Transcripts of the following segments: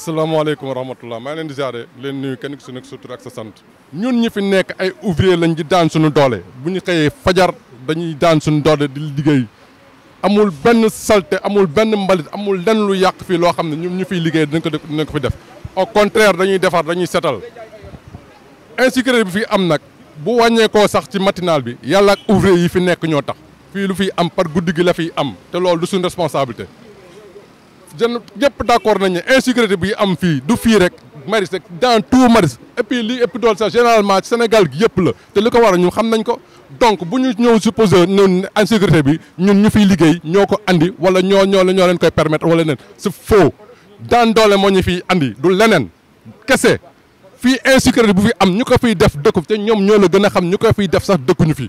asalaamaaleykum wa rahmatullah maa leen di jaare leen nuyu kenn ku si nekk surtout ak sa sant ñun ñi fi nekk ay ouvrier lañ di daan suñu doole bu ñu xëyee fajar dañuy daan suñu doole di liggéey amul benn salte amul benn mbalit amul lenn lu yàq fii loo xam ne ñun ñu fiy liggéey dinañ ko ne ko fi def au contraire dañuy defar dañuy setal insécurité bi fi am nag bu wàññeekoo sax ci matinal bi yàlla ak ouvrier yi fi nekk ñoo tax fii lu fiy am par guddi gi la fiy am te loolu du suñu responsabilité jën ñëpp d'accord nañ ne insécurité bi am fii du fii rek Maristes rek dans tout Maristes et puis lii et puis dool sax généralement ci Sénégal gi yëpp la te li ko war a ñun xam nañ ko donc bu ñu ñëw supposé ñun insécurité bi ñun ñu fiy liggéey ñoo ko indi wala ñoo ñoo ñoo leen koy permettre wala leen c'est faux daan doole moo ñu fiy indi du leneen kese fii insécurité bu fi am ñu ko fiy def dëkku te ñoom ñoo la gën a xam ñu ko fiy def sax dëkkuñu fi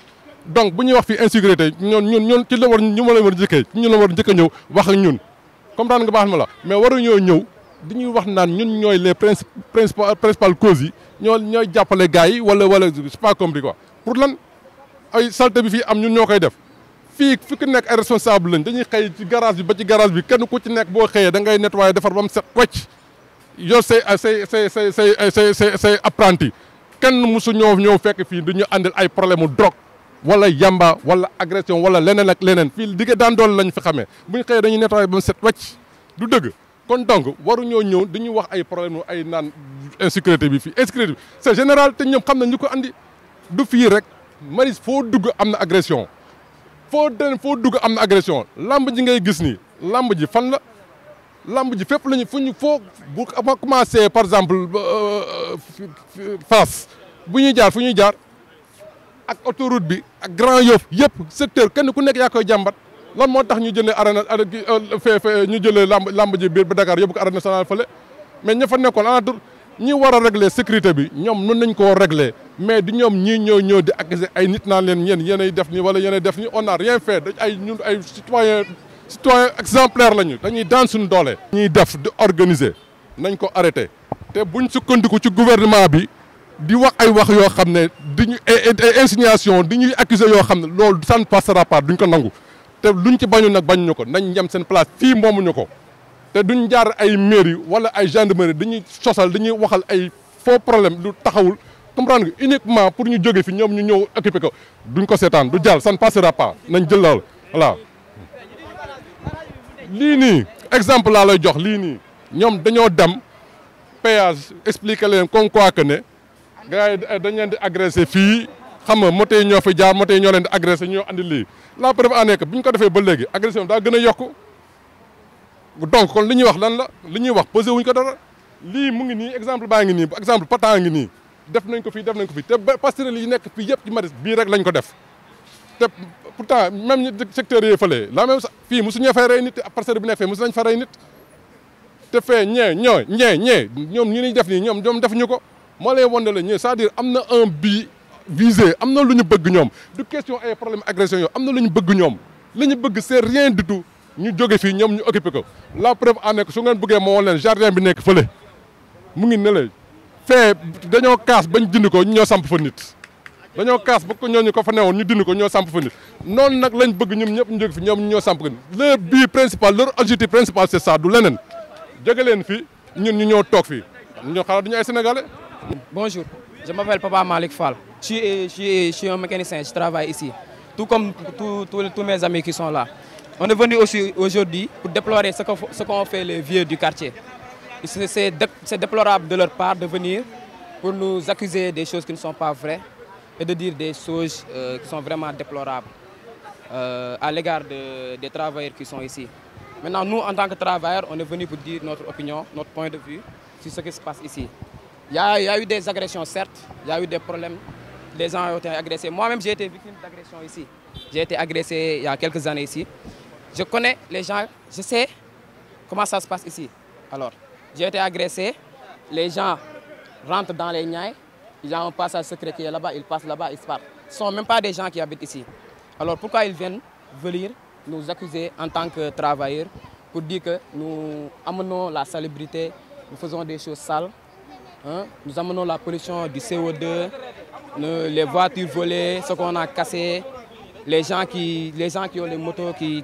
donc bu ñuy wax fii insécurité ñoon ñun ñun ci la war ñu ma la war njëkkee ñu la war njëkk a ñëw wax ak ñun comprendre nga baax ma la mais waruñoo ñëw di ñuy wax naan ñun ñooy les princi principales causes yi ñoo ñooy jàppale gars yi wala wala c'est pas di ko pour lan ay saleté bi fii am ñun ñoo koy def fii fi ku nekk ay responsable lañ dañuy xëy ci garage bi ba ci garage bi kenn ku ci nekk boo xëyee da ngay nettoyer defar ba mu set wecc yow say say say say say say say apprenti kenn mosu ñoo ñoo fekk fii du ñu àndil ay problème mu drogue wala yamba wala agression wala lenen ak lenen fi digg daan dol lañ fi xamé buñ xey dañuy nettoyé ba set wacc du deug kon donc waru ñoo ñew dañuy wax ay problème ay nan insécurité bi fi insécurité c'est général té ñom xamna ñuko andi du fi rek maris fo dugg amna agression fo den fo dugg amna agression lamb ji ngay gis ni lamb ji fan la lamb ji fep lañu fuñu fo foo bu commencé par exemple euh, euh, face buñu jaar fuñu jaar ak autoroute bi ak Grand Yoff yëpp secteur kenn ku nekk yaa jambat. jàmbat lan moo tax ñu jëlee arène fee euh, fee ñu jëlee lamb lamb ji biir ba Dakar yóbbu ko arène nationale fële mais ña fa nekkoon anatur ñi wara régler sécurité bi ñom nun nañ ko régler mais di ñom ñi ñoo ñëw di accuser ay nit naan leen ñen yéenay def ni wala yéenay def ni on a rien fait dañ ay ñun ay citoyen citoyen exemplaire lañu dañuy dans suñu doole. ñi def di organiser nañ ko arrêter té buñ sukkandiku ci gouvernement bi di wax ay wax yo xamné diñu et insinuation di ñuy accuser yo xam ne loolu ça ne passera pas duñ ko nangu té luñ ci bañu nak bañu ñu ko nañ yem sen place fi moomuñu ko té duñ jaar ay mairie wala ay gendarmerie dañuy sosal dañuy waxal ay faux problème lu taxawul comprendre nga uniquement pour ñu joggé fi ñom ñu ñew occuper ko duñ ko seetaan du jall ça ne passera pas nañ jël loolu voilà li ni exemple la lay jox li ni ñom dañoo dam péage expliquer leen comme quoi que ne gars yi dañ leen di agresser fii xam nga moto yi ñoo fi jaar moto yi ñoo leen di agressé ñoo andi lii la preuve en est que ko defee ba léegi agression daa gën a yokku donc kon li ñuy wax lan la li ñuy wax posé wuñ ko dara lii mu ngi nii exemple baa ngi nii exemple patan ngi nii def nañ ko fii def nañ ko fii te passerelle yi nekk fii yëpp ci maris bii rek lañ ko def te pourtant même ñi secteurs yee fële la même fii mosuñee fay rey nit parcelle bi nekk fee mosu nañ rey nit te fee ñee ñoo ñee ñee ñoom ñu niy def nii ñoom ñoom defuñu ko moo lay wonde la ñee am na bii visé amna luñu bëgg ñom du question ay problème agression yo amna luñu bëgg ñom li bëgg c'est rien du tout ñu joggé fi ñom ñu occupé ko la preuve en est que su ngeen bëggee moo woon leen jardin bi nekk fële mu ngi ne la fee dañoo kaas bañ dindi ko ñoo samp fa nit dañoo kaas ba ko ñoo ñu ko fa newoon ñu dindi ko ñoo samp fa nit non nak lañ bëgg ñum ñëpp ñu jóge fi ñoom ñoo samp ko leur but principal leur objectif principal c'est ça du lenen jóge leen fi ñun ñu ñoo tok fi ñoo xala du ñu ay sénégalais bonjour je m'appelle Papa Malick Fall je suis, eh, eh, un mécanicien, je travaille ici. Tout comme tous mes amis qui sont là. On est venu aussi aujourd'hui pour déplorer ce qu'ont fait les vieux du quartier. C'est déplorable de leur part de venir pour nous accuser des choses qui ne sont pas vraies et de dire des choses euh, qui sont vraiment déplorables euh, à l'égard des travailleurs qui sont ici. Maintenant, nous, en tant que travailleurs, on est venu pour dire notre opinion, notre point de vue sur ce qui se passe ici. il y a eu des agressions, certes, il y a eu des problèmes, les gens ont été agressés. Moi-même, j'ai été victime d'agression ici. J'ai été agressé il y a quelques années ici. Je connais les gens, je sais comment ça se passe ici. Alors, j'ai été agressé, les gens rentrent dans les niais, Ils ont à un passage secret qui est là-bas, ils passent là-bas, ils se partent. Ce ne sont même pas des gens qui habitent ici. Alors pourquoi ils viennent venir nous accuser en tant que travailleurs pour dire que nous amenons la salubrité, nous faisons des choses sales, hein? nous amenons la pollution du CO2, les voitures volées, ce qu'on a cassé, les gens qui, les gens qui ont les motos qui,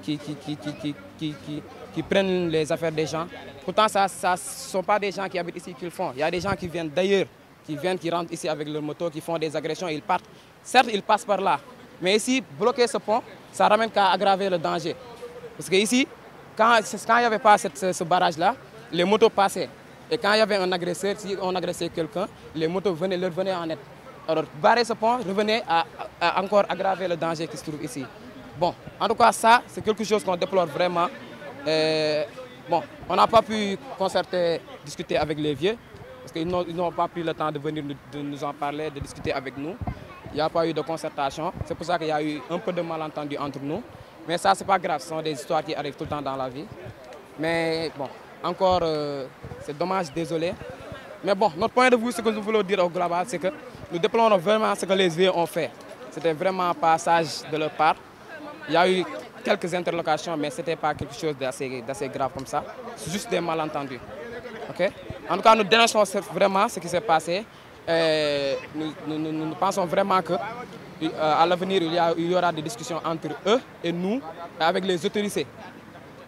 qui, prennent les affaires des gens. Pourtant, ce ne sont pas des gens qui habitent ici qui le font. Il y a des gens qui viennent d'ailleurs, qui viennent, qui rentrent ici avec leurs motos, qui font des agressions, ils partent. Certes, ils passent par là, mais ici, bloquer ce pont, ça ramène qu'à aggraver le danger. Parce que ici, quand, quand il n'y avait pas ce, barrage-là, les motos passaient. Et quand il y avait un agresseur, si on agressait quelqu'un, les motos venaient, leur venaient en aide. Alors, barrer ce pont revenait à, encore aggraver le danger qui se trouve ici. Bon, en tout cas, ça, c'est quelque chose qu'on déplore vraiment. Euh, bon, on n'a pas pu concerter, discuter avec les vieux, parce qu'ils n'ont pas pris le temps de venir nous, en parler, de discuter avec nous. Il n'y a pas eu de concertation. C'est pour ça qu'il y a eu un peu de malentendu entre nous. Mais ça, c'est pas grave. Ce sont des histoires qui arrivent tout le temps dans la vie. Mais bon, encore, euh, c'est dommage, désolé. Mais bon, notre point de vue, ce que nous voulons dire au global, c'est que nous déplorons vraiment ce que les vieux ont fait. C'était vraiment un passage de leur part. Il y a eu quelques interlocutions, mais ce n'était pas quelque chose d'assez grave comme ça. C'est juste des malentendus. En tout cas, nous dénonçons vraiment ce qui s'est passé. Euh, nous, pensons vraiment que euh, à l'avenir, il, y aura des discussions entre eux et nous, avec les autorités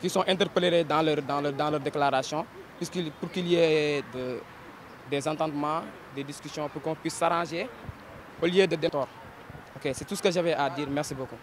qui sont interpellées dans leur, dans dans leur déclaration, pour qu'il y ait de, des entendements, des discussions pour qu'on puisse s'arranger au lieu de détour Ok, c'est tout ce que j'avais à dire. Merci beaucoup.